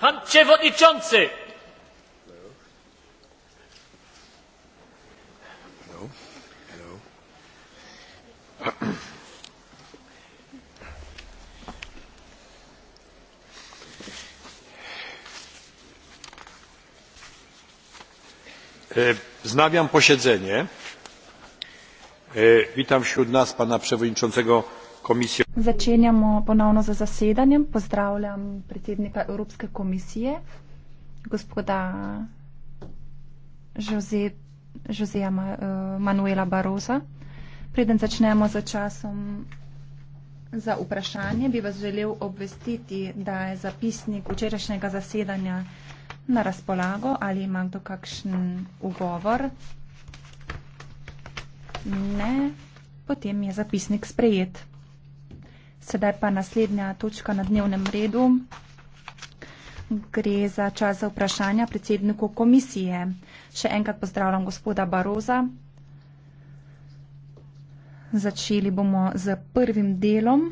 Pan przewodniczący! No. No. No. Wznawiam posiedzenie. E, witam wśród nas pana przewodniczącego komisijo. Začenjamo ponovno za zasedanjem. Pozdravljam predsednika Evropske komisije, gospoda Jose, Josea eh, Manuela Barosa. Preden začnemo za časom za vprašanje, bi vas želel obvestiti, da je zapisnik včerajšnjega zasedanja na razpolago ali ima kdo kakšen ugovor. Ne, potem je zapisnik sprejet. Sedaj pa naslednja točka na dnevnem redu. Gre za čas za vprašanja predsedniku komisije. Še enkrat pozdravljam gospoda Baroza. Začeli bomo z prvim delom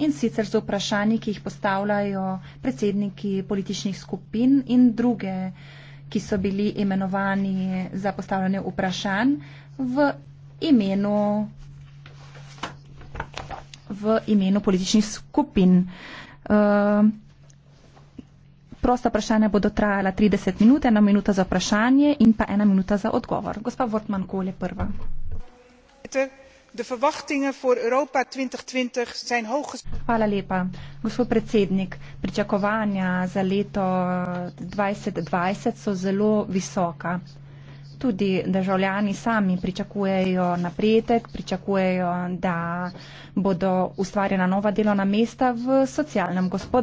in sicer z vprašanji, ki jih postavljajo predsedniki političnih skupin in druge, ki so bili imenovani za postavljanje vprašanj v imenu v imenu političnih skupin. Uh, prosta vprašanja bodo trajala 30 minut, ena minuta za vprašanje in pa ena minuta za odgovor. Gospa Vortman, kol je prva. Hvala lepa. Gospod predsednik, pričakovanja za leto 2020 so zelo visoka tudi državljani sami pričakujejo napredek, pričakujejo, da bodo ustvarjena nova delovna mesta v socialnem gospodarstvu.